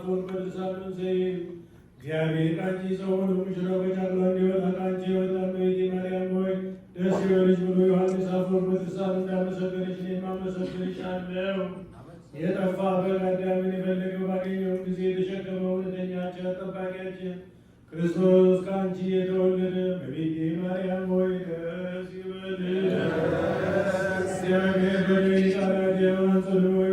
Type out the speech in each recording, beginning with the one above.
አፉን በልሳኑን ዘይል እግዚአብሔር ቃንቺ ሰው ሆኖ ሙሽራው ከጫካ እንዲወጣ ቃንቺ የወጣ እመቤቴ ማርያም ሆይ ደስ ይበልሽ ብሎ ዮሐንስ አፉን በልሳኑ እንዳመሰገነሽ እኔም አመሰግንሻለሁ። የጠፋ በግ አዳምን የፈለገው ባገኘውን ጊዜ የተሸከመው እውነተኛችን አጠባቂያችን ክርስቶስ ከአንቺ የተወለደ እመቤቴ ማርያም ሆይ ደስ ይበልሽ። እግዚአብሔር በደይ ቃላት የማንጸን ሆይ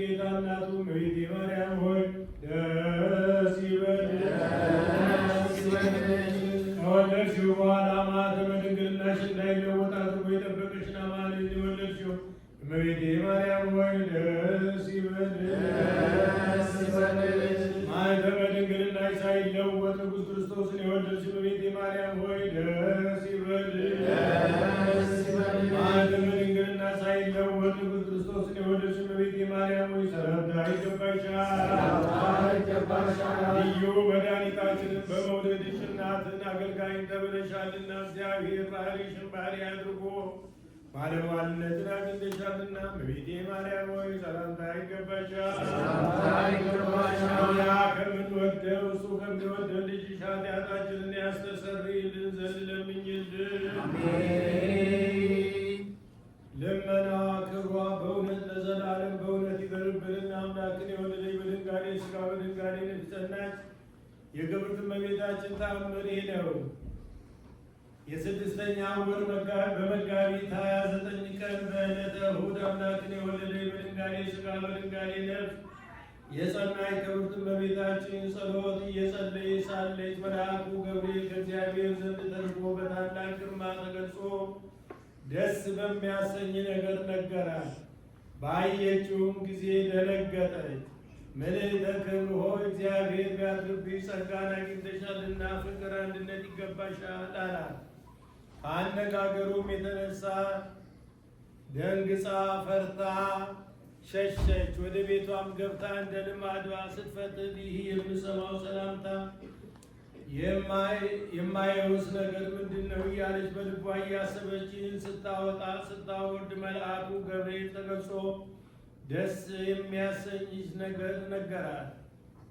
የጌታ እናቱ እመቤቴ ማርያም ሆይ ደስ ይበልሽ። ከወለድሽው በኋላ ማኅተመ ድንግልናሽ እንዳይለወጥ አድርጎ የጠበቀሽን አማኑኤልን የወለድሽው እመቤቴ ማርያም ሆይ ደስ ይበልሽ። ማኅተመ ድንግልናሽ ሳይለወጥ ንጉሥ ክርስቶስን የወለድሽው እመቤቴ ማርያም ይገባሻል፣ ልዩ መድኃኒታችንን በመውደድሽ እናትን አገልጋይ ተብለሻልና እግዚአብሔር ባህሪሽን ባህሪ አድርጎ ባለሟልነትን አግኝተሻልና እመቤቴ ማርያም ሆይ ሰላምታ ይገባሻል። ከምንወደው እሱ ከሚወደው ልጅሽ ኃጢአታችንን ያስተሰር በድንጋሌ ጸናች። የክብርት እመቤታችን ተአምር ይህ ነው። የስድስተኛ ወር በመጋቢት ሀያ ዘጠኝ ቀን በዕለተ እሑድ አምላክን የወለደ በድንጋሌ ስጋ በድንጋሌ ነፍስ የጸናች ክብርት እመቤታችን ጸሎት እየጸለየች ሳለች መልአኩ ገብርኤል ከእግዚአብሔር ዘንድ ተልኮ በታላቅ ግርማ ተገልጾ ደስ በሚያሰኝ ነገር ነገራት። ባየችውም ጊዜ ደነገጠች። መልዕልተ ክብር ሆይ እግዚአብሔር ቢያድርብሽ ጸጋን አግኝተሻልና ፍቅር አንድነት ይገባሻል አላት። ከአነጋገሩም የተነሳ ደንግጻ ፈርታ ሸሸች። ወደ ቤቷም ገብታ እንደ ልማዷ ስትፈትል ይህ የምሰማው ሰላምታ የማየውስ ነገር ምንድን ነው እያለች በልቧ እያሰበች ይህን ስታወጣ ስታወርድ መልአኩ ገብርኤል ተገልጾ ደስ የሚያሰኝች ነገር ነገራት።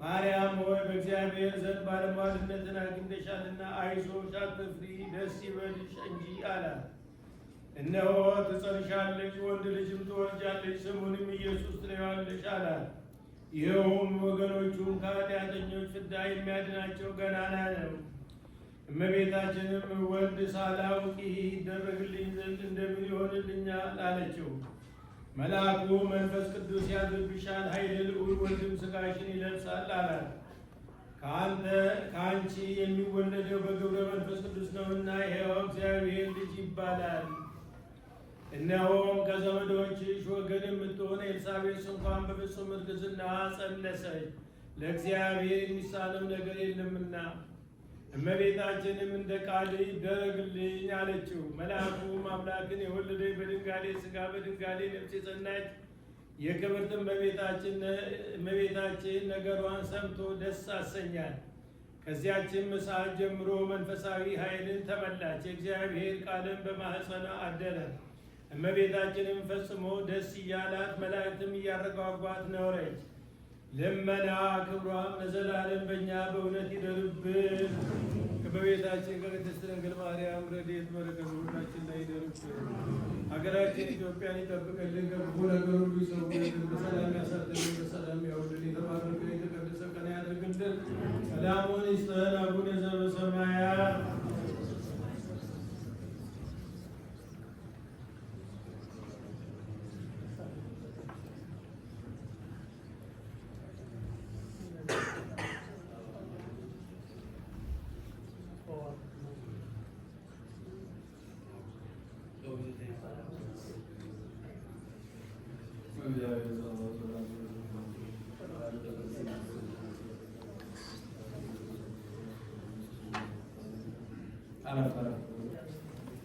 ማርያም ሆይ በእግዚአብሔር ዘንድ ባለሟልነትን አግኝተሻልና አይዞሽ፣ አትፍሪ፣ ደስ ይበልሽ እንጂ አላት። እነሆ ትጸንሻለች፣ ወንድ ልጅም ትወልጃለች፣ ስሙንም ኢየሱስ ትለዋለሽ አላት። ይኸውም ወገኖቹን ከኃጢአተኞች ፍዳ የሚያድናቸው ገናና ነው። እመቤታችንም ወንድ ሳላውቅ ይህ ይደረግልኝ ዘንድ እንደምን ይሆንልኛል አለችው። መልአኩ መንፈስ ቅዱስ ያድርብሻል፣ ኃይል ልዑል ወልድም ሥጋሽን ይለብሳል አላት። ከአንተ ከአንቺ የሚወለደው በግብረ መንፈስ ቅዱስ ነውና ይኸው እግዚአብሔር ልጅ ይባላል። እነሆም ከዘመዶችሽ ወገን የምትሆነ ኤልሳቤጥ ስንኳን በፍጹም እርግዝና ጸነሰች፣ ለእግዚአብሔር የሚሳነው ነገር የለምና እመቤታችንም እንደ ቃል ይደረግልኝ አለችው። መልአኩም አምላክን የወለደች በድንጋሌ ስጋ በድንጋሌ ነፍስ የጸናች የክብርት እመቤታችን ነገሯን ሰምቶ ደስ አሰኛል። ከዚያችም ሰዓት ጀምሮ መንፈሳዊ ኃይልን ተመላች። የእግዚአብሔር ቃልን በማኅፀኗ አደረ። እመቤታችንም ፈጽሞ ደስ እያላት መላእክትም እያረጓጓት ኖረች። ልመና ክብሯም ለዘላለም በእኛ በእውነት ይደርብን። ከእመቤታችን ከቅድስት ድንግል ማርያም ረድኤት በረከት ሁላችን ላይ ይደርብን። ሀገራችን ኢትዮጵያን ይጠብቅልን፣ ከክፉ ነገር ሁሉ ይሰውርን፣ በሰላም ያሳድረን፣ በሰላም ያውልን። የተባረከ የተቀደሰ ቀን ያደርግልን። ሰላሙን ይስጠን። አቡነ 알아 알아